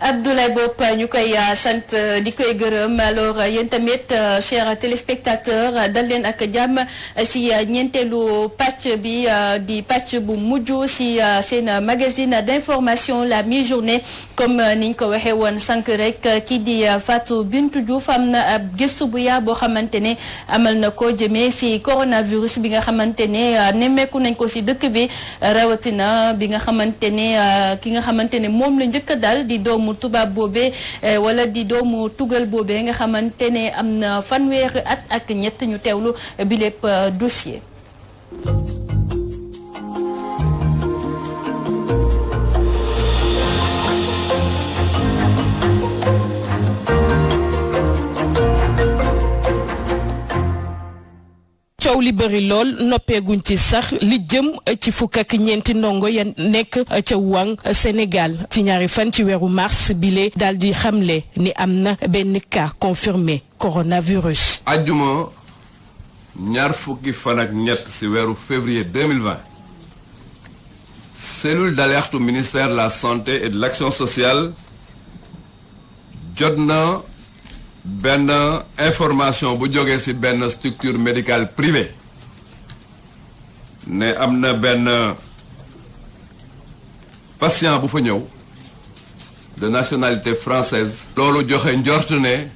Abdoulaye Bopp ñu koy euh, sant euh, di koy gërëm alors euh, yéen tamit chers téléspectateurs dal leen ak jàmm si ñeenteelu pàcc bi di pàcc bu mujj si seen magazine d'information la mi-journée comme niñ ko waxee woon sànq rek kii di Fatou Bintou Diouf am na ab gëstu bu yaa boo xamante ne amal na ko jëmee si coronavirus bi nga xamante ne nemmeeku nañ ko si dëkk bi rawatina bi nga xamante ne ki nga xamante ne moom la njëkk a dal di doomu doomu tubaab boobee eh, wala di doomu tugal boobe nga xamante ne am na fanweeri at ak ñett ñu teewlu bi lépp eh, dossier. coow li bëri lool noppeeguñ ci sax li jëm ci fukk ak ñeenti ndongo ya nekk ca Wuhan Sénégal ci ñaari fan ci weeru mars bile daal di xamle ni am na benn cas confirmé coronavirus. ajjuma ñaar fukki ci weeru février 2020 cellule d'alerte ministère de la santé et de l'action sociale jot na benn information bu jógee ci benn structure médicale privée ne am na benn patient bu fa ñëw de nationalité française loolu joxe njort ne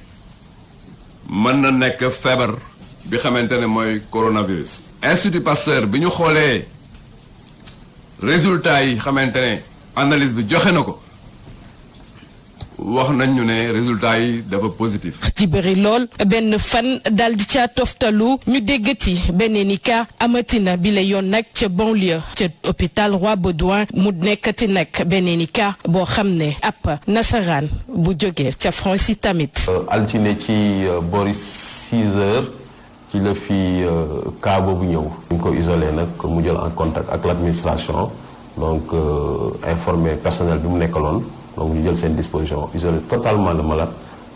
mën na nekk feebar bi xamante ne mooy coronavirus. Institut Pasteur bi ñu xoolee résultat yi xamante ne analyse bi joxe na ko. wax nañ ñu ne résultat yi dafa positif. ci bëri lool benn fan daal di ca toftalu ñu déggati beneen i cas amatina bi yoon nag ca banlieue ca hôpital Roi Baudouin mu nekkati nag beneen i cas boo xam ne ab nasaraan bu jógee ca France yi tamit. Euh, altine ci euh, boris 6 heures ci la fi euh, cas boobu ñëw. ñu ko isolé nag mu jël en contact ak l' administration donc informé personnel bi mu nekkaloon. donc ñu jël seen disposition isoler totalement le malade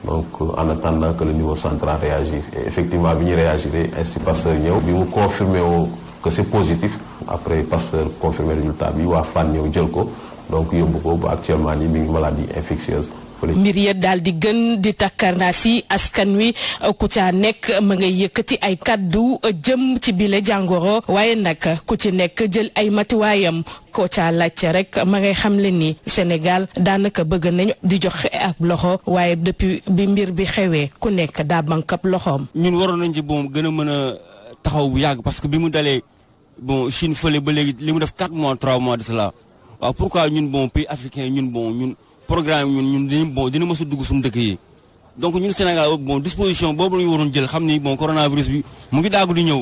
donc euh, en attendant que le niveau central réagisse et effectivement bi ñu réagir ainsi Pasteur ñëw bi mu confirmé woo que c'est positif après Pasteur confirmé résultat bi waa Fann ñëw jël ko donc yóbbu ko ba actuellement nii ñu ngi maladie infectieuse mbir ya daal di gën di takkarnaas yi askan wi uh, ku ca nekk uh, ma ngay yëkkati ay kàddu uh, jëm ci bile jàngoro waaye nag ku ci nekk jël ay matuwaayam ko ca laajte rek ma ngay xam le ni Sénégal daanaka bëgg nañ di joxe ab loxo waaye depuis bi mbir bi xewee ku nekk daa bankab loxoom. ñun waroon nañ ci boom gën a mën a taxaw bu yàgg parce que bi mu dalee bon Chine fële ba léegi li mu def 4 mois 3 mois de cela waaw pourquoi ñun bon pays africain ñun bon ñun. programme ñun ñun dañu bon dina mos a dugg suñu dëkk yi donc ñun Sénégal bon disposition boobu la waroon jël xam ni bon coronavirus bi mu ngi daagu di ñëw.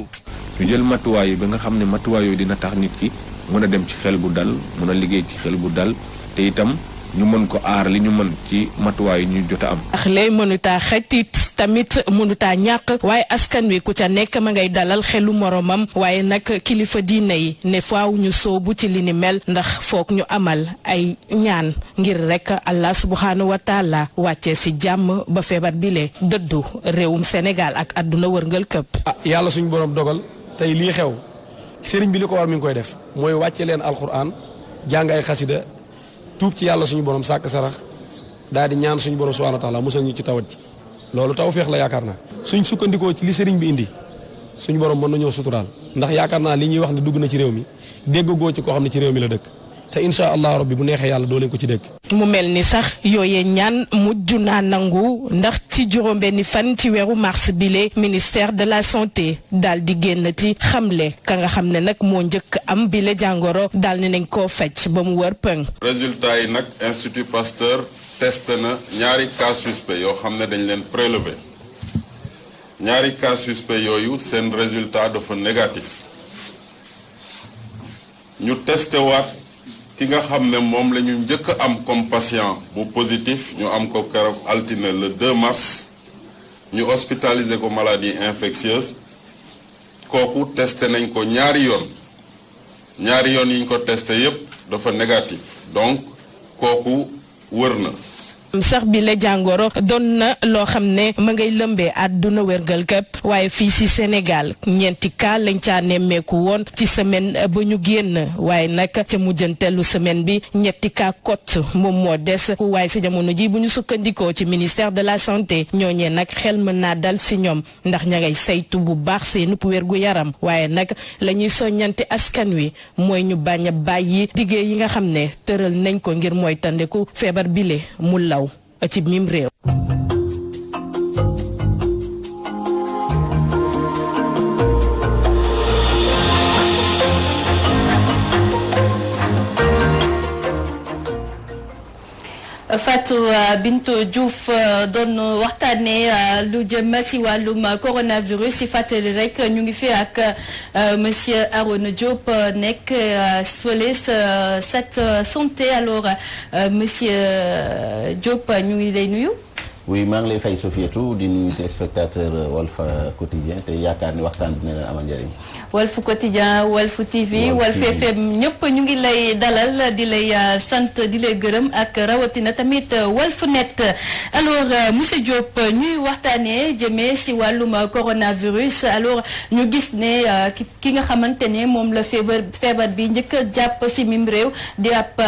ñu jël matuwaay ba nga xam ne matuwaay yooyu dina tax nit ki mën a dem ci xel bu dal mën a liggéey ci xel bu dal te itam. ñu mën ko aar li ñu mën ci matuwaay yi ñu jot a am. ndax lay mënutaa xetit tamit mënuta ñàkk waaye askan wi ku ca nekk ma ngay dalal xelu moromam waaye nag kilifa diine yi ne faaw ñu soobu ci li ni mel ndax foog ñu amal ay ñaan ngir rekk allah subhanahu wa taala wàccee si jàmm ba feebar bile dëddu réewum senegal ak àdduna wërngal këpp. ah yàlla suñu borom dogal tey lii xew sëriñ bi li ko war mi ngi koy def mooy wàcce leen alxuraan jàng ay xasida tuub ci yàlla suñu borom sàkk sarax daal di ñaan suñu borom a wa taala musal ñu ci tawat ci loolu tawféex la yaakaar na suñ sukkandikoo ci li sëriñ bi indi suñu borom mën nañoo suturaal ndax yaakaar naa li ñuy wax ne dugg na ci réew mi dégg goo ci koo xam ne ci réew mi la dëkk te incha allah rabbi bu neexee yàlla doo leen ko ci dégg. mu mel ni sax yooyee ñaan mujj naa nangu ndax ci juróom-benni fan ci weeru mars bile ministère de la santé daal di génn ci xamle ka nga xam ne nag moo njëkk am bile jàngoro daal ne nañ koo faj ba mu wër pëng. résultat yi nag institut Pasteur test na ñaari cas suspect yoo xam ne dañ leen prélevé ñaari cas suspect yooyu seen résultat dafa négatif ñu testé waat ki nga xam ne moom la ñu njëkk am comme patient bu positif ñu am ko keroog altine le 2 mars ñu hospitalisé ko maladie infectieuse kooku testé nañ ko ñaari yoon ñaari yoon yi ñu ko testé yépp dafa négatif donc kooku wër na sax bi la jàngoro doon na loo xam ne ma ngay lëmbee àdduna wérgal képp waaye fii ci Sénégal ñeenti cas lañ caa nemmeeku woon ci semaine ba ñu génn waaye nag ca mujjanteelu semaine bi ñetti cas kot moom moo des waaye ci jamono ji bu ñu sukkandikoo ci ministère de la santé ñooñee nag xel mën naa dal ci ñoom ndax ña ngay saytu bu baax seen gu yaram waaye nag lañuy ñuy soññante askan wi mooy ñu bañ a bàyyi diggé yi nga xam ne tëral nañ ko ngir mooy tandeku feebar bile mu law ci mim réew Fatou euh, Bintou Diouf euh, doon waxtaanee euh, lu jëm si wàllum coronavirus si fàttali rek ñu ngi fi ak monsieur Arona Diop nekk fële sa cette santé alors monsieur Diop ñu ngi lay nuyu. oui maa di nuyu téléspectateur euh, Walf euh, Quotidien te yaakaar ni waxtaan bi dina leen amal njëriñ. Walf Quotidien Walf TV Walf di lay euh, sant di lay gërëm ak rawatina tamit Walf Net alors monsieur Diop waxtaanee jëmee si wàllum coronavirus alors ñu gis ne ki nga xamante ne moom la feebar feebar bi njëkk jàpp si mim réew di ab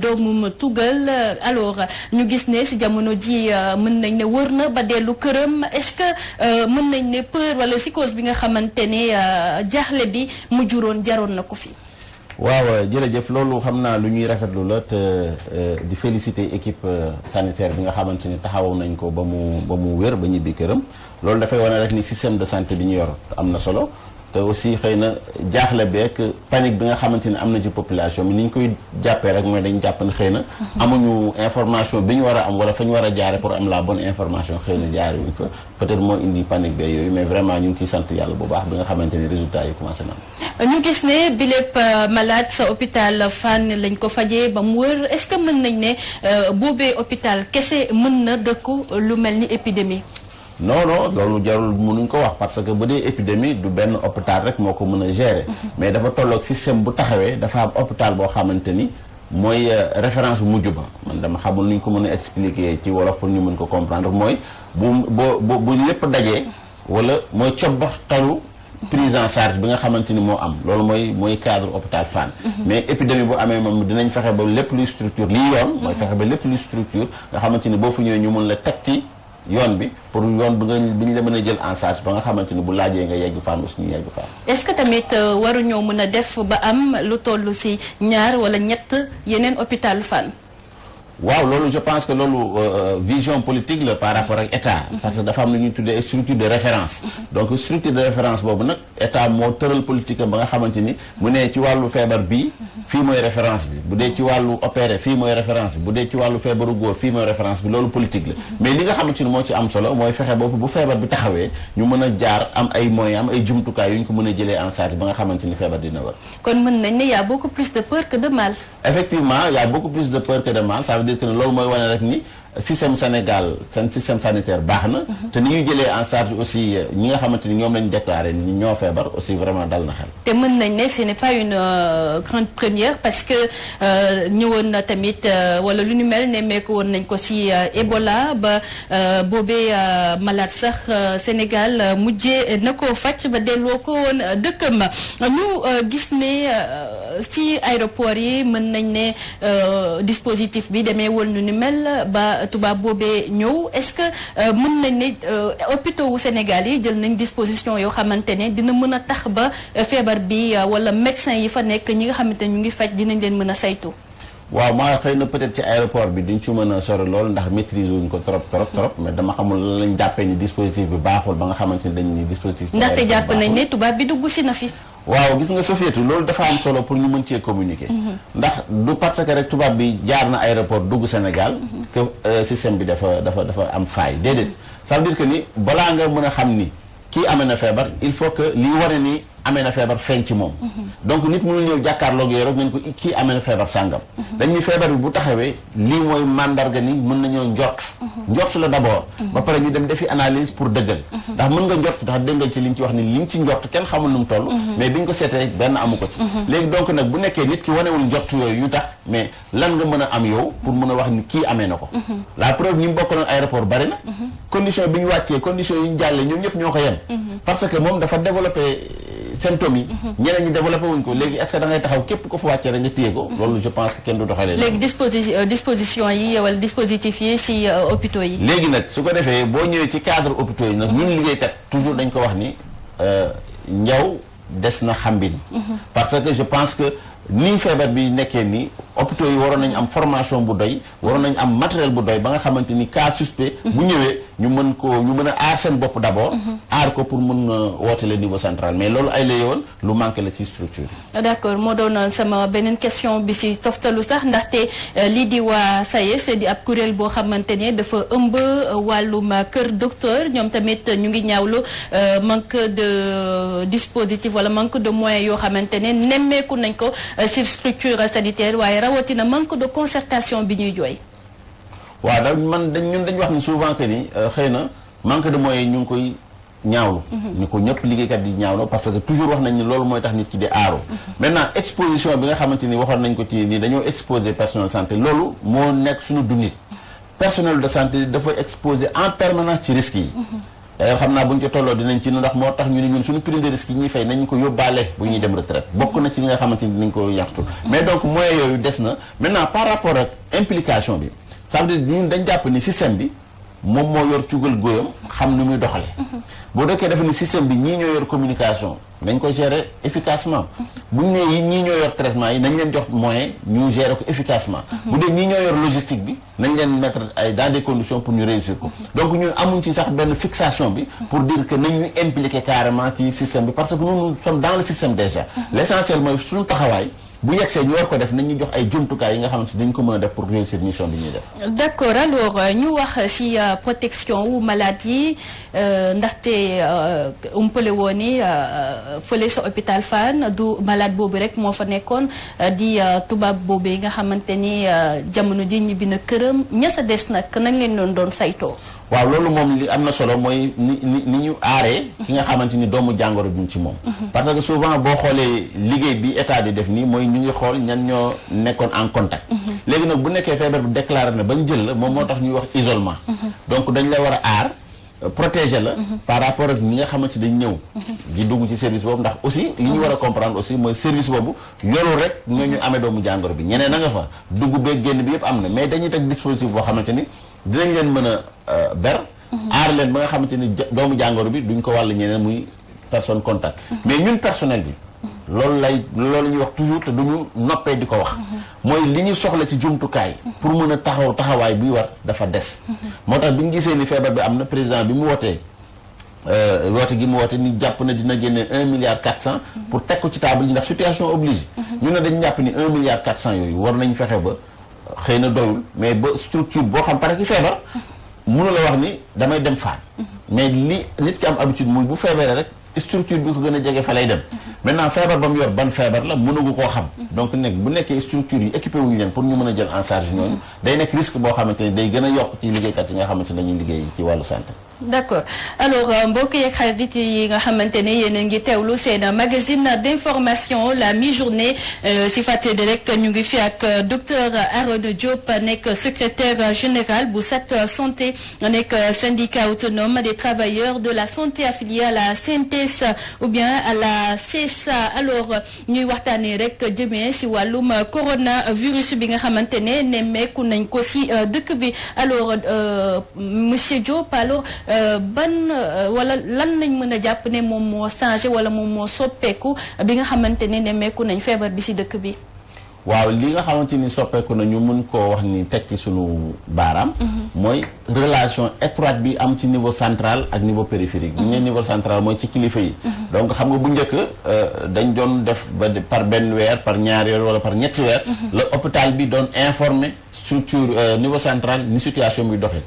doomum tugal alors ñu gis ne si jamono ji mën mën nañ ne wër na ba dellu këram est-ce que euh, mën nañ ne peur wala psychose bi nga xamante ne euh, jaxle bi mu juróon jaroon na ko fi. waaw euh, jërëjëf loolu xam naa lu ñuy rafetlu la te di féliciter équipe sanitaire bi nga xamante ni taxawaw nañ ko ba mu ba mu wér ba ñibbi këram loolu dafay wane rek ni système de santé bi ñu yor am na solo te aussi xëy na jaaxle beeg panique bi nga xamante ni am na ci population bi ni ñu koy jàppee rek mooy dañu jàpp ne xëy na. Mhm. amuñu information bi ñu war a am wala fa ñu war a jaare pour am la bon information xëy na jaare wuñ fa peut-être moo indi panique beeg yooyu mais vraiment ñu ngi ciy sant yàlla bu baax bi nga xamante ni résultat yi commencé na ñu gis ne bi lépp malade sa hôpital fànn lañ ko fajee ba mu wër est-ce que mën nañ ne euh, boobee hôpital kese mën na dëkku lu mel ni épidémie. non loolu jarul nuñ ko wax parce que bu dee épidémie du benn hôpital rek moo ko mën a gérer. mais dafa tolloog système bu taxawee dafa am hôpital boo xamante ni mooy euh, référence bu mujj ba man dama xamul ni ko mën a expliquer ci wolof pour ñu mën ko comprendre mooy bu bu bu lépp dajee wala mooy cobbaxtalu prise en charge bi nga xamante ni moo am loolu mooy mooy cadre hôpital Fann mhm. mais épidémie bu amee moom dinañ fexe ba lépp lu structure lii yoon mooy fexe ba lépp luy structure nga xamante ni boo fu ñëwee ñu mën la teg ci yoon bi pour yoon bi nga bi ñu la mën a jël en ba nga xamante ni bu laajee nga yegg fànn aussi ñu yegg fànn. est-ce que tamit euh, waruñoo mën a def ba am lu tollu ci ñaar wala ñett yeneen hôpital fan waaw loolu je pense que loolu euh, euh, vision politique la par rapport ak état. Mhm. parce que dafa am lu ñuy tuddee structure de référence. Mhm. donc structure de référence boobu nag état moo tëral politique ba nga xamante ni mu ne ci wàllu feebar bi mhm. fii mooy référence bi bu dee ci wàllu opéré fii mooy référence bi bu dee ci wàllu feebaru góor fi mooy référence bi loolu politique la. mais li nga xamante moo ci am solo mooy fexe boobu bu feebar bi taxawee ñu mën a jaar am ay moyens am yu ñu ko mën a jëlee en charge ba nga xamante ni feebar dina war. kon mën nañ dire que loolu mooy wane rek ni système Sénégal seen système sanitaire baax na. Mhm. te ni ñuy jëlee en charge aussi ñi nga xamante ni ñoom lañu déclaré ni ñoo feebar aussi vraiment dal na xel. te mën nañ ne ce n'est pas une euh, grande première parce que euh, ñëwoon na tamit euh, wala lu ñu mel ne meeku woon nañ ko ci Ebola ba boobee malaat sax Sénégal mujjee na ko faj ba delloo ko woon dëkkam ñu gis ne. si aéroport yi mën nañ ne euh, dispositif bi demee woon nu ni mel ba tubaab boobee ñëw est-ce que euh, mën nañ ne euh, hôpitaux wu Sénégal yi jël nañ disposition yoo xamante ne dina mën a tax ba feebar bi wala médecin yi fa nekk ñi nga xamante ne ñu ngi faj dinañ leen mën a saytu. waaw maa xëy na peut-être ci aéroport bi duñ ci mën a sori lool ndax maîtrise wuñ ko trop trop trop mais dama xamul lan lañ jàppee ni dispositif bi baaxul ba nga xamante ni dañu ni dispositif ndaxte jàpp nañ ne tubaab bi dugg si na fi waaw gis nga Sofietu loolu dafa am solo pour ñu mën cee communiquer mhm. ndax du parce que rek tubaab bi jaar na aéroport dugg senegal mhm. que euh, système bi dafa dafa dafa am faay déedéet ça veut dire que ni balaa nga mën a xam ni kii amee na feebar il faut que lii wane nii amee na feebar feeñ ci moom. donc nit mënul ñëw jàkkaarloog yooyu rek ngeen ko kii amee na feebar sàngam. Mhm. dañuy ni feebar bi bu taxawee lii mooy màndarga ni mën nañoo njort. njort la d' mhm. ba pare ñu dem defi analyse pour dëggal mhm. ndax mën nga njort ndax dégg nga ci liñ ci wax ni liñ ci njort kenn xamul nu mu toll mhm. mais biñ ko seetee benn amu ko ci léegi donc nag bu nekkee nit ki wanewul njort yooyu yu tax mais lan nga mën a am yow pour mën a wax kii amee na ko la preuve ñi mu bokkaloon aéroport bari condition bi ñu wàccee condition yi ñu jàllee ñoom ñëpp ñoo ko yem parce que moom dafa développé symptômes yi. Mhm. ñeneen ñi développé wuñ ko léegi est-ce taxaw képp ko fa wàccee rek nga téye ko. Mhm. loolu je pense kenn du doxalee. léegi euh, disposition yi wala dispositif yi si euh, hôpitaux yi. léegi nag su ko defee boo ñëwee ci cadre hôpitaux yi nag ñun mhm. liggéeykat toujours dañ ko wax ni euh, njaw des na xambin. parce que je pense que ni feebar bi nekkee nii. hôpitaux yi waroon nañ am formation bu doy waroon nañ am matériel bu doy ba nga xamante ni cas suspect bu ñëwee ñu mën ko ñu mën a aar seen bopp d'abord aar ko pour mën a woote le niveau central mais loolu ay la yoon lu manqué la ci structure d'accord moo doon sama beneen question bi ci toftalu sax ndaxte euh, lii di waa SAES di ab kuréel boo xamante ne dafa ëmb euh, wàllum kër docteur ñoom tamit ñu ngi ñaawlu euh, manque de dispositif wala manque de moyens yoo xamante ne nemmeeku nañ ko ci structure sanitaire waaye rawatina manque de concertation bi ñuy jooy. waaw da man dañ ñun dañ wax ni souvent que ni euh, xëy na manque de moyens ñu ngi koy ñaawlu. ñu mhm. ko ñëpp liggéeykat yi ñaawlu parce que toujours wax nañ ni loolu mooy tax nit ki di aaru. Mhm. maintenant exposition bi nga xamante ni waxoon nañ ko ci nii dañoo exposer personnel santé loolu moo nekk suñu dundit mhm. personnel de santé dafa exposer en permanence ci risques yi. d'ailleurs eh, xam naa bu ñu ci tolloo dinañ ci ndax moo tax ñu ne ñun suñu prime de risque yi ñuy nañ ko yóbbaale bu ñuy dem retraite bokk na ci nga xamante ni dinañ ko yàqtu mais donc moyens yooyu des na maintenant par rapport ak implication bi ça veut dire ñun dañ jàpp ni système bi moom moo yor cugal góyam xam ni muy doxale mhm. boo dekkee dafa ni système bi ñii ñoo yor communication nañ koy gérer efficacement bu ñu nee ñii ñoo yor traitement yi nañ leen jox moyen ñu gérer ko efficacement mhm. bu dee ñii ñoo yor logistique bi nañ leen mettre ay dans condition pour ñu réussir ko mhm. donc ñun amuñ ci sax benn fixation bi pour dire que nañ ñu impliquer carrément ci système bi parce que nous nous sommes dans le système déjà l'essentiel mooy bu yegsee ñu war ko def nañu jox ay jumtukaay yi nga xamante dañ ko mën a def pour réussir mission bi ñuy def. d' accord euh, ñu wax si euh, protection wu malade yi euh, ndaxte umpale woo ni fële sa hôpital Fann du malaat boobu rek moo fa nekkoon di tubaab boobu yi nga xamante ni jamono ji bi na këram ña sa des nag nañ leen doon doon saytoo. waaw loolu moom li am na solo mooy ni ni ñu aaree ki nga xamante ni doomu jàngoro bi ci moom mhm. parce que souvent boo xoolee liggéey bi état di def nii mooy ñu ngi xool ñan ñoo nekkoon en contact mhm. léegi nag bu nekkee feebar bi déclaré na bañ jël la moom moo tax ñuy wax isolement mhm. donc dañ la war a aar protéger la mhm. par rapport ak ñi nga xamante dañ ñëw mhm. di dugg ci service boobu ndax aussi li ñu mhm. war a comprendre aussi mooy service boobu yorul rek ñoo ñu amee doomu jàngoro bi ñeneen na nga fa dugg beeg génn bi yëpp am na mais dañuy teg dispositif boo xamante ni dinañ leen mën a euh, ber aar leen ba nga xamante ni doomu jàngoro bi duñ ko wàll ñeneen muy personne contact mais ñun personnel bi loolu lay loolu ñuy wax toujours te duñu noppee di ko wax mooy li ñu soxla ci jumtukaay pour mën a taxaw taxawaay buy war dafa des moo tax bi ñu gisee ni feebar bi am na président bi mu wootee euh, woote gi mu wootee ni jàpp na dina génne un milliard quatre cent pour teg ko ci table yi ndax situation oblige mhm. ñu ne dañ ñàpp ni un milliard quatre cent yooyu war nañu fexe ba xëy na doyul mais ba structure boo xam parce que feebar mënu la wax ni damay dem faat mhm. mais li nit ki am habitude muy bu feebaree rek structure bi ko gën a jege fa lay dem mhm. maintenant feebar ba mu yor ban feebar la mënugu koo xam donc nekk bu nekkee structure yi équipé wuñu leen pour ñu mën a jël en charge ñooñu mm-hmm. day nekk risque boo xamante ni day gën a yokk ci liggéeykat yi nga xamante ne dañuy liggéey ci wàllu santé d'accord alors euh, mbokk yeeg yi nga xamante ne yéen a ngi teewlu seen magazine d'information la mi-journée euh, si fàttali rek ñu ngi fi ak euh, docteur Arona Diop nekk secrétaire général bu Sat Santé nekk syndicat autonome des travailleurs de la santé affilié à la CNTS ou bien à la CSA alors ñuy waxtaanee rek jëmee si wàllum coronavirus bi nga xamante ne nemmeeku nañ ko si dëkk bi alors monsieur Diop Euh, ban euh, wala lan nañ mën a jàpp ne moom moo changé wala moom moo soppeeku bi nga xamante ne nemeeku nañ feebar bi ci dëkk bi. waaw li nga xamante ni soppeeku nañu mën koo wax ni teg ci suñu baaraam. Mhm. mooy relation étroite bi am ci niveau central ak niveau périphérique. bu ñu nee niveau central mooy ci kilifa yi. Mhm. donc xam nga bu njëkk euh, dañ doon def ba par benn weer par ñaari weer wala par ñetti weer. Mhm. la hôpital bi doon informer structure niveau central ni situation bi doxee.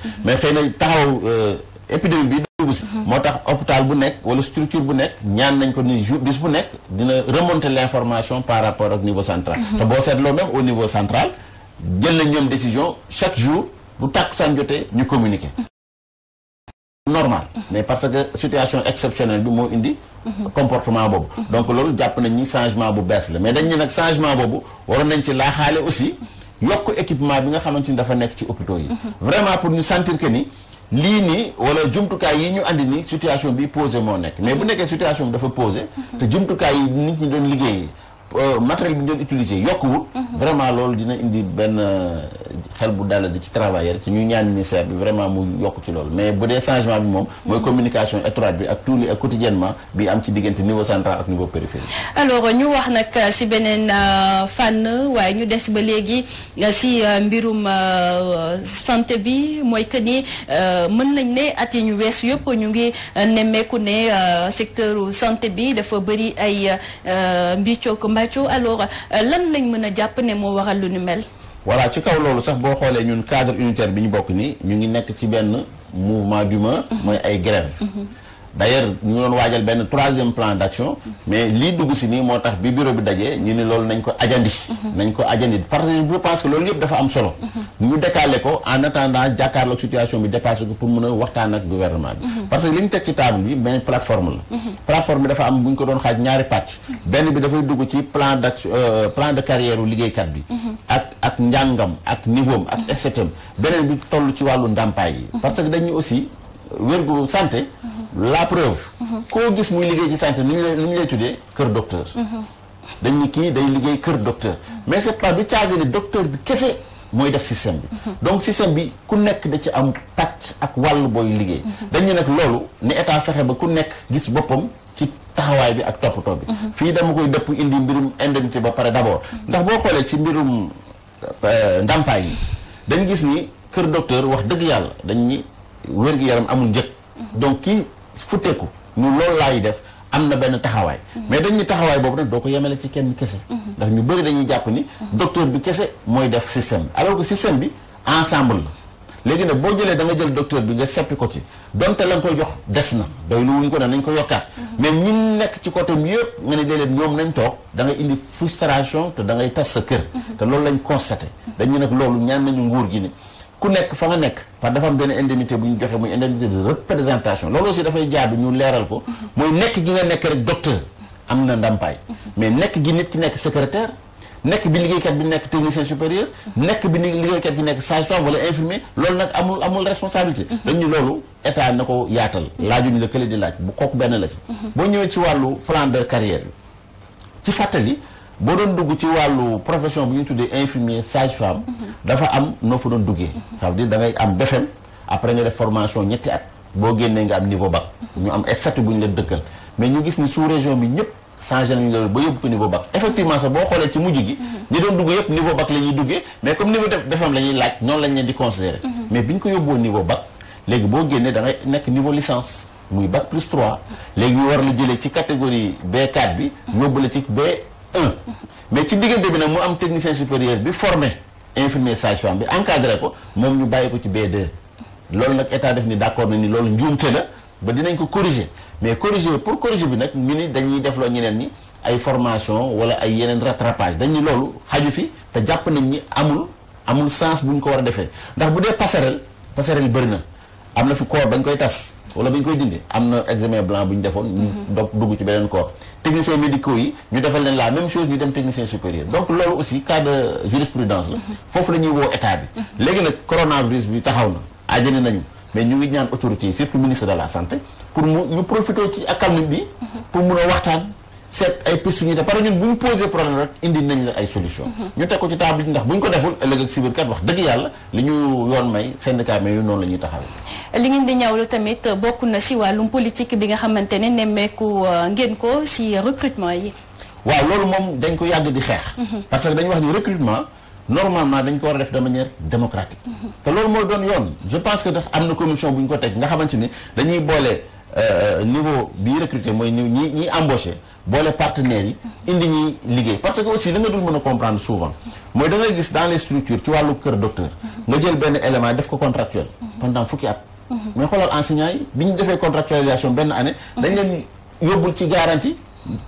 épidémie bi dugg si uh-huh. moo tax hôpital bu nekk wala structure bu nekk ñaan nañ ko ni jour bis bu nekk dina remonter l'information par rapport ak niveau central uh-huh. te boo seetloo même au niveau central jël nañ ñoom décision chaque jour bu tàkkusaan jotee ñu communiquer uh-huh. normal mais parce que situation exceptionnelle bi moo indi comportement boobu donc loolu jàpp nañ ni changement bu bees la mais dañ ne nag changement boobu waroon nañ ci laaxaale aussi yokk équipement bi nga xamante ni dafa nekk ci hôpitaux yi vraiment pour ñu sentir que ni lii nii wala jumtukaay yi ñu andi nii situation bi pose moo nekk mais bu nekkee situation bi dafa posé te jumtukaay yi nit ñi doon liggéey Euh, matériel bi ñu doon yokkuwul. Mhm. vraiment loolu dina indi benn euh, xel bu dal di ci travailleur ci ñu ñaan ministère bi vraiment mu yokk ci loolu mais bu dee changement bi moom. mooy mhm. communication étroite bi ak tous les quotidiennement bi am ci diggante niveau central ak niveau périphérique. alors ñu wax nag euh, si beneen fànn waaye ñu des ba léegi si mbirum santé bi mooy que ni mën nañ ne at yi ñu wees yëpp ñu ngi nemmeeku ne secteur santé bi dafa bëri ay mbiccook Mathieu alors euh, lan lañ mën a jàpp ne moo waral lu ni mel. voilà ci kaw loolu sax boo xoolee ñun cadre unitaire bi ñu bokk nii ñu ngi nekk ci benn mouvement d'humeur mhm. mooy ay grève mhm. d'ailleurs ñu doon waajal benn troisième plan d'action mais lii dugg si nii moo tax bi bureau bi dajee ñu ne loolu nañ ko ajandi mhm. nañ ko ajandi parce que je pense loolu yëpp dafa am solo ñu décaler ko en attendant jàkkaarloog situation bi dépassé ko pour mën a waxtaan ak gouvernement bi. Mhm. parce que li ñu teg ci table bi benn plateforme la. Mhm. plateforme bi dafa am bu ñu ko doon xaaj ñaari pàcc. Mhm. benn bi dafay dugg ci plan d' euh, de carrière liggéeykat bi. ak njàngam ak niveau ak estetam beneen bi toll ci wàllu ndàmpaay yi. parce que dañu aussi wérgu santé. la preuve. koo gis muy liggéey ci santé nu ñu lay tuddee kër docteur. dañu kii day liggéey mooy def système bi. donc système bi ku nekk da ci am pàcc ak wàll booy liggéey. dañu nekk loolu ni état fexe ba ku nekk gis boppam ci taxawaay bi ak toppatoo bi. Mhm. fii dama koy dëpp indi mbirum indemnité ba pare d'abord. Mhm. ndax boo xoolee ci mbirum euh, ndàmpaay yi dañ gis ni kër docteur wax dëgg yàlla dañ ni wér-gi-yaram amul njëkk. Mhm. donc kii futteeku ñu loolu laay def. am na benn taxawaay mais dañuy taxawaay boobu nag doo ko yemale ci kenn kese ndax ñu bëri dañuy jàpp ni docteur bi kese mooy def système bi alors que système bi ensemble la léegi nag boo jëlee da nga jël docteur bi nga seppi ko ci donte la nga des na doy lu wuñ ko ne nañ ko yokkaat mais ñi nekk ci côté mi yëpp nga ne léeg-léeg ñoom nañ toog da indi frustration te da ngay tas sa kër te loolu lañ constaté dañu nag loolu ñaan nañu nguur gi ni ku nekk fa nga nekk par dafa am benn indemnité bu ñu joxe muy indemnité de représentation loolu aussi dafay jaadu ñu leeral ko mooy nekk gi nga nekk rek docteur am na ndàmpaay mais nekk gi nit ki nekk secrétaire nekk bi liggéeykat bi nekk technicien supérieur nekk bi liggéeykat bi nekk sage-femme wala infirmier loolu nag amul amul responsabilité mhm. dañu loolu état na ko yaatal mhm. laajuñu la kële di laaj bu kooku benn la ci mhm. boo ñëwee ci wàllu plan de carrière fàttali boo doon dugg ci wàllu profession bu ñuy tuddee infirmier sage femme. dafa am noo fa doon duggee. sa veut dire da ngay am BFEM après nga def formation ñetti at boo génnee nga am niveau bac. ñu am statut bu ñu la dëkkal mais ñu gis ni sous région bi ñëpp changé nañu loolu ba yóbbu ko niveau bac effectivement sax boo xoolee ci mujj gi. ñi doon dugg yëpp niveau bac la ñuy duggee mais comme niveau def BFEM la ñuy laaj noon lañ leen di considéré. mais bi ñu ko yóbboo niveau bac léegi boo génnee da ngay nekk niveau licence muy bac plus léegi ñu war jëlee ci catégorie b bi. yóbbu la ci B. un mais ci diggante bi nag mu am technicien supérieur bi formé infirmier sage bi encadré ko moom ñu bàyyi ko ci B2 loolu nag état def ni d'accord na ni loolu njuumte la ba dinañ ko corriger mais corriger pour corriger bi nag ñu ni dañuy def loo ñeneen ni ay formation wala ay yeneen rattrapage dañ ni loolu xaju fi te jàpp nañ ni amul amul sens bu ñu ko war a defee ndax bu dee passerelle passerelle bëri na am na fi corps bañ koy tas wala bañ koy dindi am na examen blanc bu ñu defoon. ñu mhm. dugg ci beneen corps. techniciens médicaux yi ñu defal leen la même chose ñu dem technicien supérieur donc loolu aussi cas de jurisprudence la foofu la ñuy woo état bi léegi nag coronavirus bi taxaw na ajjani nañu mais ñu ngi ñaan autorité yi surtout ministre de la santé pour mu ñu profité ci accalmie bi pour mun a waxtaan seet ay piste ñuy def parce que ñun bu ñu posé problème rek indi nañ la ay solution ñu teg ko ci table ndax bu ñu ko deful ëllëg ak sibir kat wax dëgg yàlla li ñu yoon may syndicat mais yu noonu la taxawee li ngeen di ñaawlu tamit bokk na si wàllum politique bi nga xamante ne nemmeeku euh, ngeen ko si recrutement yi waaw loolu moom dañ ko yàgg di xeex mhm. parce que dañ wax ni recrutement normalement dañ ko war def de manière démocratique mhm. te loolu mooy doon que tax am na commission bu ñu ko teg nga xamante ni dañuy boole euh, niveau bi recruter mooy ñi ñi boole partenaires yi indi ñuy liggéey parce que aussi la nga dul mën a comprendre souvent mooy da ngay gis dans les structures ci wàllu kër docteur nga jël benn élément def ko contractuel pendant fukki at mais xoolal enseignants yi bi ñu defee contractualisation benn année dañ leen yóbbul ci garantie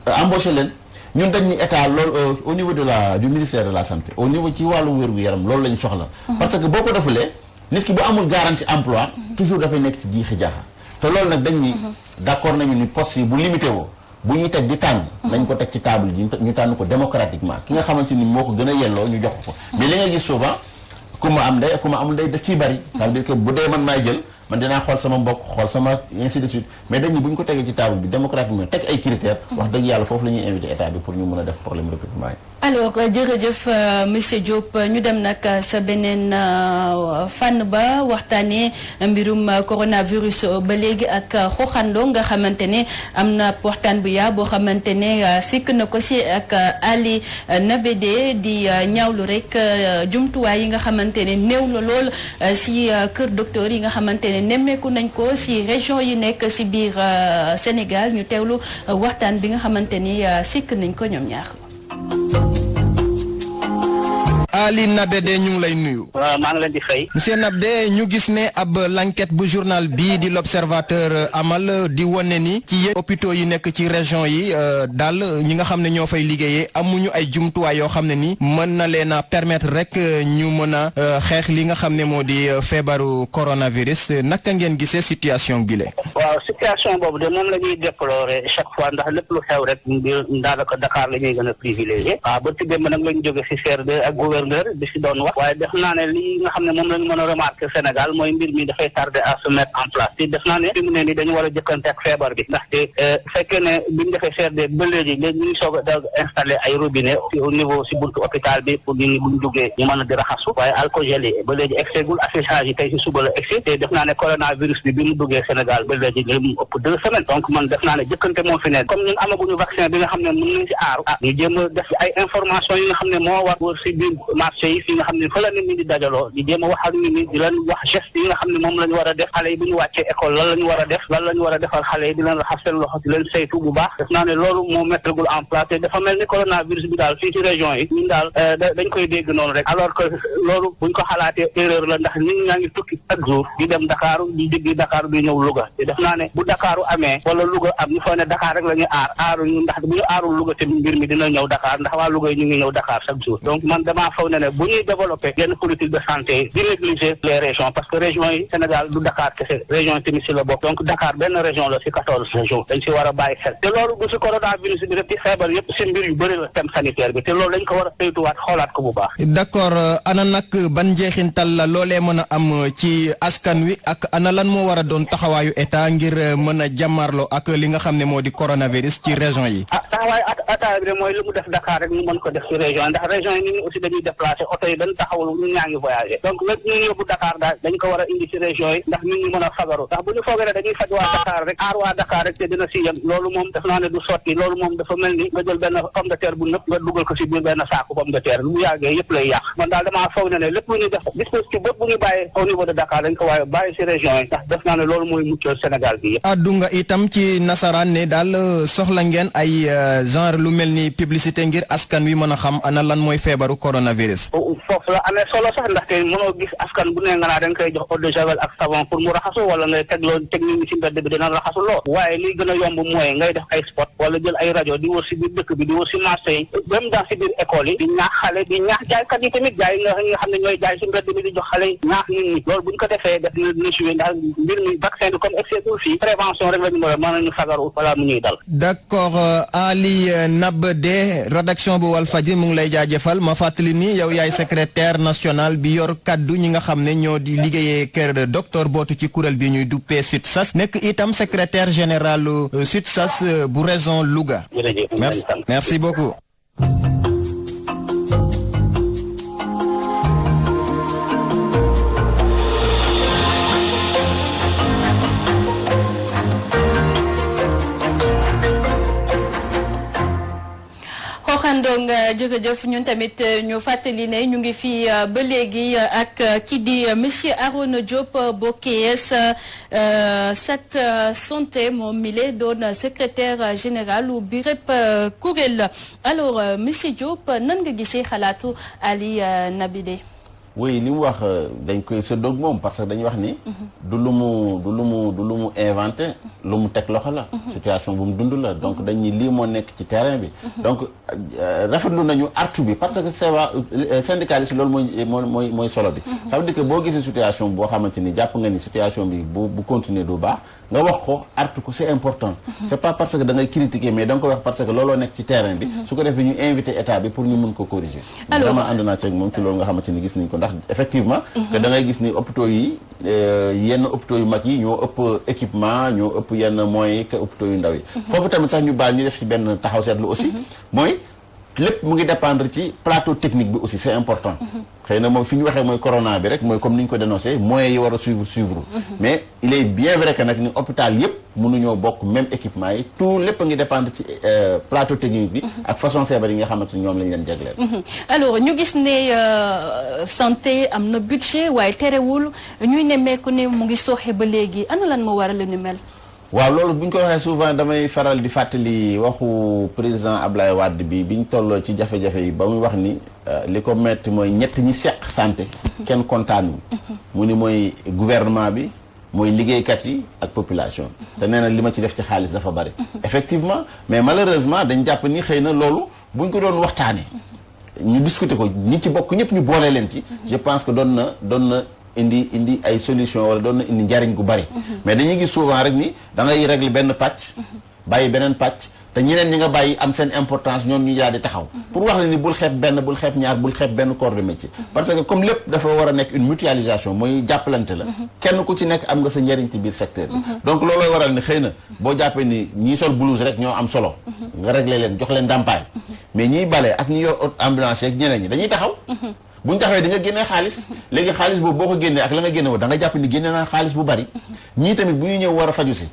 euh, embauché leen ñun dañ ñu état loolu euh, au niveau de la du ministère de la santé au niveau ci wàllu wér-gu-yaram loolu la ñu soxla parce que boo ko defulee nit ki bu amul garantie emploi toujours dafay nekk ci jiixi jaaxa te loolu nag dañ ni d'accord nañu ni poste bu limité woo bu ñuy teg di tànn. nañ ko teg ci table ji ñu tànn ko démocratiquement ki nga xamante ni moo ko gën a yelloo ñu jox ko. mais li nga gis souvent ku ma am ndey ak ku ma amul day def ciy bari. ça veut kër que bu dee man maay jël. man dinaa xool sama mbokk xool sama ainsi de suite mais dañu bu ko tegee ci table bi démocrate bi teg ay critères. wax dëgg yàlla foofu la ñuy invité état bi pour ñu mën a def euh, euh, euh, dem nag sa beneen fànn ba waxtaanee mbirum coronavirus ba léegi ak xooxandoo nga xamante ne am na waxtaan bu yaa boo xamante ne sikk na ko si ak Ali Nabede di ñaawlu rek jumtuwaay yi nga xamante ne néew na lool si kër docteur yi nga xamante ne. nemmeeku nañ ko si région yi nekk si biir euh, Sénégal ñu teewlu euh, waxtaan bi nga xamante ni euh, sikk nañ ko ñoom ñaar. Ali Nabédé ñu ngi lay nuyu. maa ngi leen di fay. monsieur Nabédé ñu gis ne ab l'enquête bu journal bii di l'observateur amal di wane ni ci yéen yi nekk ci région yi euh, daal ñi nga xam ne ñoo fay liggéeyee amuñu ay jumtuwaay yoo xam ne ni mën na leen a permettre rek euh, ñu mën a euh, xeex li nga xam ne moo di feebaru coronavirus naka ngeen gisee situation bi la. waaw situation boobu de moom la déplorer chaque fois ndax lépp lu xew rek daanaka a privilégié. waaw ba ci leader bi si doon wax waaye def naa ne li nga xam ne moom la mën a remarqué Sénégal mooy fi mu a euh, a comme ñun amaguñu vaccin bi nga xam ne mën nañ si aaru ah ñu jéem def ay information yi nga xam ne moo war wër si biir marché yi fi nga xam ne fa la nit ñi di dajaloo di a wax ak nit ñi di leen wax geste yi nga xam ne moom la ñu war a def xale yi bu ñu wàccee école lan la ñu a def lan la ñu war a defal xale yi di leen raxas seen loxo di leen saytu ne loolu moo mettragul en place te dafa mel ni coronavirus bi daal région yi ñun daal euh, dañ koy dégg noonu rek alors que loolu buñ ko xalaatee erreur la ndax nit ñaa ngi tukki chaque jour di dem Dakaaru di jóge Dakaaru di ñëw luga te def naa ne bu Dakaaru amee wala luga am ni foog ne Dakaar rek la ñuy aar aaruñu ndax bu ñu aarul Louga te mbir mi dina ñëw Dakaar ndax waa Louga ñu ngi ñëw Dakaar chaque jour taxaw ne ne bu ñuy développé yenn politique de santé di négliger les régions parce que régions yi Sénégal du Dakar kese région yi dañ si war a bàyyi xel te loolu du si coronavirus bi rek ci feebar yëpp si mbir yu bëri la thème sanitaire bi te loolu dañ ko war a saytuwaat xoolaat ko bu baax. d'accord euh, ana nag ban njeexintal la loolee mën a am euh, ci askan wi ak ana lan moo war a doon taxawaayu état ngir euh, mën a jàmmarloo ak li nga xam ne moo di coronavirus ci région ah, bi mooy ci région yi déplacé oto yi dañ taxawul ñu ñaa ngi voyagé donc lépp ñuy yóbbu Dakar daal dañ ko war a indi si région yi ndax nit ñi mën a fagaru ndax bu ñu foogee ne dañuy faj waa Dakar rek aar waa Dakar rek te dina si yem loolu moom def naa ne du sotti loolu moom dafa mel ni nga jël benn pomme de terre bu nëpp nga dugal ko si biir benn saaku pomme de terre bu yàggee yëpp lay yàq man daal damaa foog ne ne lépp lu ñuy def dispositif bépp bu ñu bàyyi au niveau de Dakar dañ ko waaye bàyyi si région yi ndax def naa ne loolu mooy mucc Sénégal bi yëpp addu euh, euh, mel ni publicité ngir askan wi mën a xam ana lan mooy feebaru coronavirus virus. foofu la amee solo sax ndaxte mënoo gis askan bu ne nga naa dañ koy jox eau de javel ak savon pour mu raxasu wala ngay tegloo technique bi si mbedd bi dina raxasu loo waaye liy gën a yomb mooy ngay def ay spot wala jël ay rajo di wër si biir dëkk bi di wër si marché yi même dans si biir école yi ñaax xale di ñaax jaaykat yi tamit jaay nga xam ne ñooy jaay si mbedd di jox xale ñaax nit loolu buñ ko defee def na dina ndax mbir mi vaccin a ni yow yaay secrétaire national bi yor kàddu ñi nga xam ne ñoo di liggéeyee kër docteur bootu ci kuréel bi ñuy duppee sas nekk itam secrétaire général euh, SUTSAS euh, bu raison Louga. merci Andong euh, jërëjëf ñun tamit euh, ñu fàttali ne ñu ngi fi euh, ba léegi ak kii di monsieur Arona Diop Bokkeyes Sat Santé moom mi lay doon secretaire général u birep kuréel alors monsieur Diop nan nga gisee xalaatu Ali Nabidé oui li mu wax euh, dañ koy séddoog moom parce que dañuy wax ni. du lu mu du lu mu du lu mu inventé. lu mu teg loxo la. situation bu mu dund la donc dañ lii moo nekk ci terrain bi. donc euh, rafetlu nañu artu bi parce que c'est waa euh, syndicaliste loolu mooy mooy mooy solo bi. ça veut dire boo gisee situation boo xamante ni jàpp nga ni situation bi bu bu continuer du baax. nga wax ko artu ko c'est important mhm. c'est pas parce que da ngay critiquer mais da nga ko wax parce que looloo nekk ci terrain bi mhm. su ko defee ñu invité état bi pour ñu mun ko corriger vraiment ànd naa ci moom ci loolu nga xamante ni gis nañ ko ndax effectivement mhm. que da gis ni hôpitaux yi euh, yenn hôpitaux yu mag yi ñoo ëpp équipement ñoo ëpp yenn moyens que hôpitaux yu ndaw yi foofu tamit sax ñu baal ñu def ci benn taxaw seetlu aussi mooy lépp mu ngi dépendre ci plateau technique bi aussi c'est important. Mm-hmm. xëy na moom fi ñu waxee mooy corona bi rek mooy comme ni ñu ko dénoncé moyens yi war a suivre suivre. Mm-hmm. mais il est bien vrai que nag ni hôpital yëpp mënuñoo bokk même équipement yi tout lépp a ngi dépendre ci euh, plateau technique bi. Mm-hmm. ak façon feebar yi nga xamante ni ñoom lañ leen jagleel. alors ñu gis ne euh, santé am na budget waaye terewul ñuy nemmeeku ne mu ngi sooxe ba léegi ana lan moo waral lu ni mel. waaw loolu bu ñu ko waxee souvent damay faral di fàttali waxu président Ablaye Wade bi bi ñu tolloo ci jafe-jafe yi ba mu wax ni euh, li ko metti mooy ñett ñi seq santé kenn kontaanul mhm. mu ni mooy gouvernement bi mooy liggéeykat yi ak population mhm. te nee li ma ci def ci xaalis dafa bari mhm. effectivement mais malheureusement dañ jàpp ni xëy na loolu buñ ko doon waxtaanee ñu discuter ko ñi ci bokk ñëpp ñu boolee leen ci je pense que doon na doon na indi indi ay solution wala doon na indi njariñ gu bari. Mhm. mais dañuy gis souvent rek ni da ngay régler benn pàcc. Mhm. bàyyi beneen pàcc. te ñeneen ñi nga bàyyi am seen importance ñoom ñu daal di taxaw. Mhm. pour wax la ni bul xeeb benn bul xeeb ñaar bul xeeb benn corps parce que comme lépp dafa war a nekk une mutualisation mooy jàppalante la. kenn ku ci nekk am nga sa njëriñ ci biir secteur bi. donc loolooy waral ni xëy na boo jàppee ni ñii sol blouse rek ñoo am solo. nga leen jox leen ndàmpaay. mais ñiy bale ak ñi yor ambulance yeeg ñeneen ñi dañuy taxaw. bu ñu taxawee di nga génnee xaalis léegi xaalis boobu boo ko génnee ak la nga génne woon da jàpp ni génne naa xaalis bu bari ñii tamit bu ñu ñëw war a faju si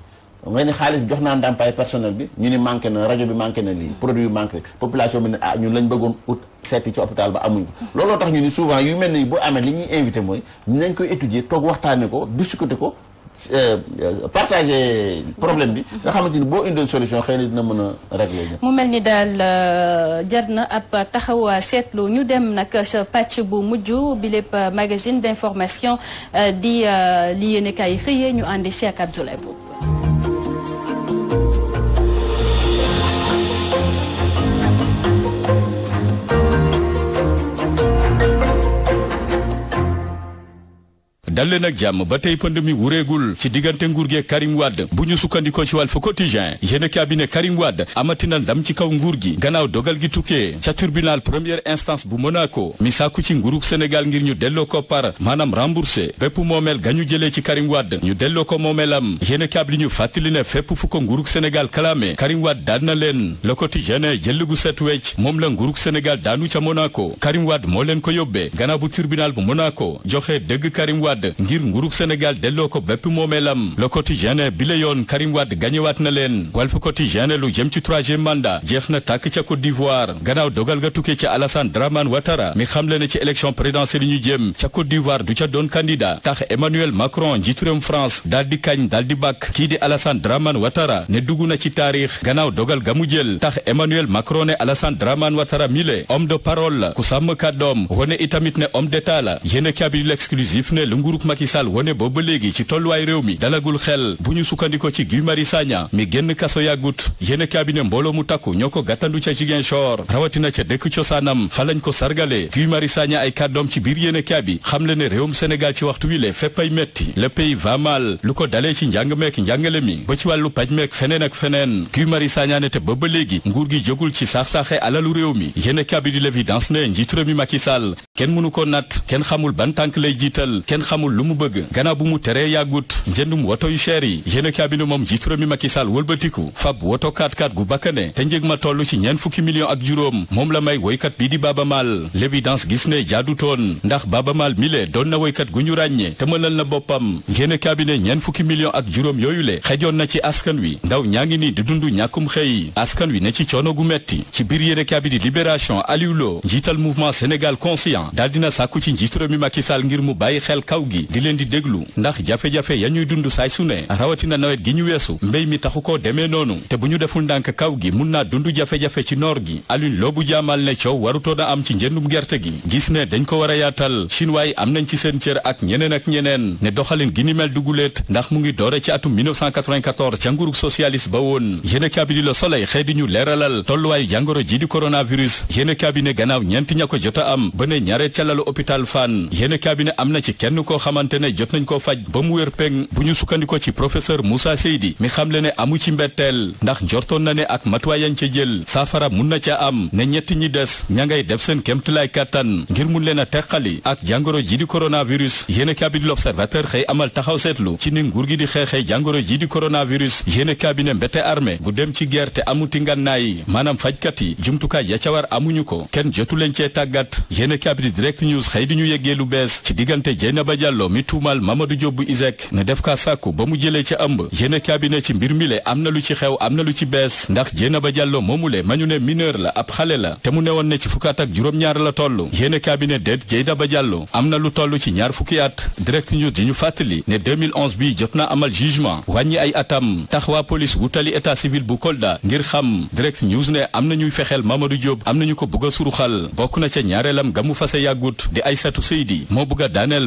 nga ni xaalis jox naa ndàmpaay personnel bi ñu ni manqué na rajo bi manqué na lii produit bi manqué population bi ne ah ñun lañ bëggoon ut seeti ci hôpital ba amuñ ko looloo tax ñu ni souvent yu mel ni boo amee li ñu invité mooy nañ koy étudier toog waxtaane ko discuter ko Euh, partager problème bi nga xamante ni boo indil solution xëy na dina mën a régler mu mel ni daal euh, jar na ab taxawaa seetlu ñu dem nag sa pàcc bu mujj bi lépp magazine d'information euh, di li yéen a kaay xëyee ñu àndi si ak Abdoulaye Boub dal leen ak jàmm ba tey pënd mi wureegul ci diggante nguur gee Karim Wade bu ñu sukkandikoo ci Walf Quotidien yéen a cabinet Karim Wade amatina ndam ci kaw nguur gi gannaaw dogal gi tukkee ca tribunal première instance bu Monaco mi sàkku ci nguurug Sénégal ngir ñu delloo ko par maanaam remboursé bépp moomeel ga ñu jëlee ci Karim Wade ñu delloo ko moomeelam yéen a cab li ñu fàttali ne fépp fu ko nguurug Sénégal kalaame Karim Wade daan na leen Le Quotidien jëll gu set wecc moom la nguurug Sénégal daanu ca Monaco Karim Wade moo leen ko yóbbee gannaaw bu tribunal bu Monaco joxe dëgg ngir nguurug Sénégal delloo ko bépp moomeelam Le Quotidien bi la yoon Karim Wade gañewaat na leen Walf Quotidien lu jëm ci troisième mandat jeex na tàkk ca Côte d'Ivoire gannaaw dogal ga tukkee ca Alassane Dramane Ouattara mi xamle ne ci élection présidentielle ñu jëm ca Côte d'Ivoire du ca doon candidat tax Emmanuel Macron njiitu réewum France daal di kañ dal di bàkk kii di Alassane Dramane Ouattara ne dugg na ci taarix gannaaw dogal ga mu jël tax Emmanuel Macron ne Alassane Dramane Ouattara mile homme de a kabil l'exclusif nguurug Macky Sall wane booba léegi ci tolluwaay réew mi dalagul xel bu ñu sukkandiko ci Guy Marius mi génn kaso yàggut yéen cabinet mbooloo mu takku ñoo ko gàttandu ca Ziguinchor rawatina ca dëkk cosaanam fa lañ ko sargale Guy Marius Sagna ay kàddoom ci biir yéen a bi xam le ne réewum Sénégal ci waxtu wi le fépp ay metti le pays mal lu ko dalee ci njàng meek njàngale mi ba ci wàllu paj meek feneen ak feneen Guy Marius ne te ba ba léegi nguur gi jógul ci saax-saaxe alalu réew mi yéen cabinet di l'évidence ne njiitu réew mi Macky Sall kenn mënu ko nat kenn xamul amul lu mu bëgg gannaaw bu mu teree yàggut njëndum woto yu cher yi yéena kaabine moom jiitu réew wëlbatiku fab woto 4 x gu bakkane te njëg ma toll ci ñeent fukki ak juróom moom la may woykat bii di Baaba Maal l'évidence gis ne jaadutoon ndax Baaba Maal mile doon na woykat gu ñu ràññe te mënal na boppam yéena kaabine ñeent fukki million ak juróom yooyu le xejoon na ci askan wi ndaw ñaa ngi ni di dund ñàkkum xëy askan wi ne ci coono gu metti ci biir yéena kaabine libération Aliou Lo njiital mouvement Sénégal conscient daal dina sàkku ci njiitu réew mi gi di leen di déglu ndax jafe-jafe ya ñuy dund saay su ne rawatina nawet gi ñu weesu mbéy mi taxu koo demee noonu te bu ñu deful ndànk kaw gi mun naa dund jafe-jafe ci noor gi Alioune Lo bu jaamal ne coow warutoon a am ci njëndum gerte gi gis ne dañ ko war a yaatal chinois yi am nañ ci seen cër ak ñeneen ak ñeneen ne doxalin gi ni mel duguleet ndax mu ngi doore ci atum 1994 ca nguurug socialiste ba woon yéen a kaabidi Le Soleil ji di coronavirus yéen kaabine gannaaw ñeenti ña ko jot a am ba ne ñaareel ca lalu a kaabine xamante ne jot nañ ko faj ba mu wér peng bu ñu sukkandiko ci professeur Moussa Seydi mi le ne amu ci mbetteel ndax njortoon na ne ak matuwaayan ca jël saafara mun na ca am ne ñett ñi des ña ngay def seen kémtulaay kàttan ngir mun leen a teqali ak jàngoro ji di coronavirus yéene kaabine l'observateur xëy amal taxaw seetlu ci ni nguur gi di xeexee jàngoro ji di korona coronavirus yéene kaabine mbette arme bu dem ci guerre te amuti ngannaay maanaam fajkat yi jumtukaay ya ca war amuñu ko kenn jotu leen cee tàggat yéene kaabine direct news xëy di ñu yëggee lu bees ci diggante Jeynaba Diallo mi tuumal Mamadou Diop bu ISEC ne def kaa sàkku ba mu jëlee ca ëmb yéene cabinet ci mbir mi le am na lu ci xew am na lu ci bees ndax Dieynaba Diallo moomule ma ñu ne mineur la ab xale la te mu newoon ne ci fukki at juróom-ñaar la toll yéene cabinet déet Dieynaba Diallo am na lu toll ci ñaar fukki at direct news di ñu fàttali ne 2011 bi jot na amal jugement wàññi ay atam tax waa police wutali état civil bu Kolda ngir xam direct news ne am na ñuy fexeel Mamadou Diop am na ñu ko bëgg a suruxal bokk na ca ñaareelam gamu fase yàggut di Aysatu Seydi a daaneel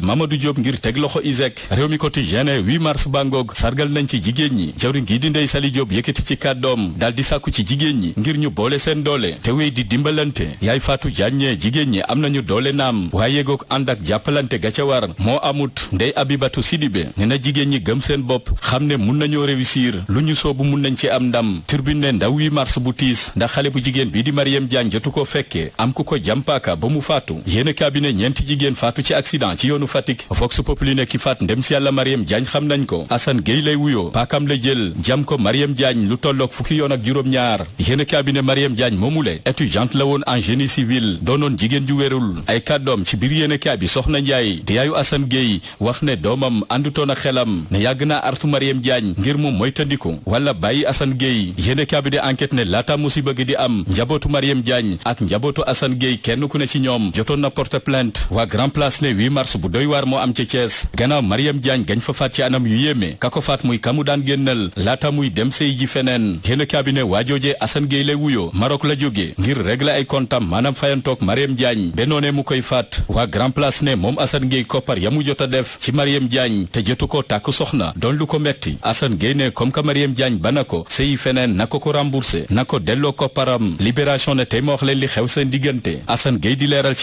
ngir teg loxo ISEC réew mi quotidien 8 mars bangoog sargal nañ ci jigéen ñi jawriñ gii di sali Saly Diop yëkkati ci kaddoom daal di sàkku ci jigéen ñi ngir ñu boole seen doole te wey di dimbalante yaay faatu Diagne jigéen ñi am nañu doole naam waaye goog ànd ak jàppalante ga ca war moo amut Ndeye Abibatu Sidibé ne na jigéen ñi gëm seen bopp xam ne mun nañoo réussir lu ñu soobu mun nañ ci am ndam turbine ne ndaw 8 mars bu tiis ndax xale bu jigéen bii di Mariam Diagne jotu ko fekkee am ku ko jàmpaaka ba mu faatu yéen a cabinet ñeenti jigéen faatu ci accident ci yoonu Fatick Vox Populi ne ki faat ndem si yàlla Mariam Diagne xam nañ ko Assane Gueye lay wuyoo paakam la jël jam ko Mariam Diagne lu tolloog fukki yoon ak juróom-ñaar yéene cabinet Mariam Diagne moomule étudiante la woon en génie civil doonoon jigéen ju wérul ay kàddoom ci biir yéene bi soxna Ndiaye te yaayu Assane Gueye wax ne doomam àndutoon ak xelam ne yàgg naa artu Mariam Diagne ngir mu moytandiku wala bàyyi Assane Gueye yéene cabinet enquête ne laata musiba gi di am njabootu Mariam Diagne ak njabootu Assane Gueye kenn ku ne ci ñoom jotoon na porte plainte waa ne 8 mars bu doy waar am ca Thiès gannaaw Mariam Diagne gañ fa faat ci anam yu yéeme ka ko faat muy kamu daan génnal laata muy dem sëy ji feneen génn cabinet waajoojee Assane Gueye lay wuyo Maroc la jóge ngir régler ay kontam maanaam fayantoog Mariam Diagne benoone mu koy faat waa Grand Place ne moom Assane Gueye koppar ya jot a def ci Mariam Diagne te jotu ko tàkk soxna doon lu ko metti Assane Gueye ne comme que Mariam Diagne ba na ko sëyi feneen na ko ko remboursé na ko delloo kopparam libération ne tey ma xew seen diggante Assane Gueye di leeral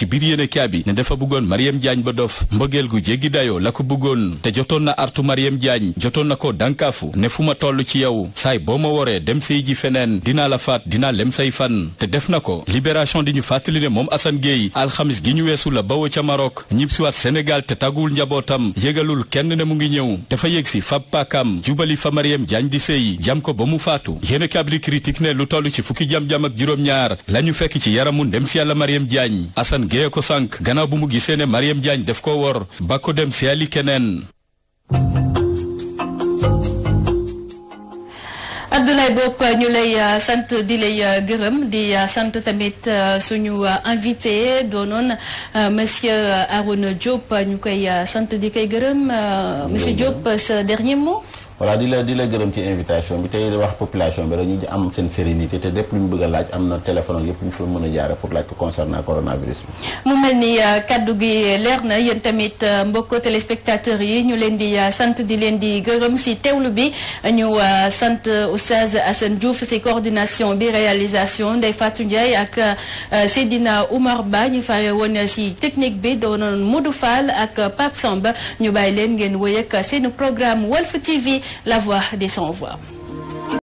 jéggi dayoo la ko bëggoon te jotoon na artu Mariam jaañ jotoon na ko dànkaafu ne fu ma toll ci yow saay boo ma waree dem sëy ji feneen dinaa la faat dinaa lem say fan te def na ko libération di ñu fàttali ne moom Assane Gueye alxamis gi ñu weesu la bawoo ca Maroc ñibbisiwaat Sénégal te tàgguwul njabootam yëgalul kenn ne mu ngi ñëw dafa yëg si fab paakaam jubali fa Mariam Diagne di sëy jam ko ba mu faatu yéen a di ne lu toll ci fukki jam-jam ak juróom-ñaar la ñu fekk ci yaramu ndem si yàlla Mariam Diagne ko sànq gannaaw mu gisee ne def ko ko dem seeli keneen Abdoulaye Bopp ñu lay euh, sant di lay euh, gërëm di euh, sant tamit suñu invité doonoon monsieur Arouna Diop ñu koy sant di koy gërëm monsieur Diop ce dernier mot voilà di la di la gërëm ci invitation bi tey wax population bi rek ñu am seen sérénité te lépp lu ñu bëgg a laaj am na téléphone yëpp ñu fa mën a jaare pour laaj ko concernant ni euh, kaddu gi leer na yéen tamit euh, mbokk téléspectateurs yi ñu leen di euh, sant di leen di gërëm si teewlu bi ñu sant Oustaz Assane Diouf si coordination bi réalisation Ndeye Fatou Ndiaye ak Seydina Oumar Ba ñu fa woon si technique bi doonoon Modou Fall ak Pape Samba ñu bàyyi leen ngeen wéy ak programme Walf TV. la voix des sans-voix.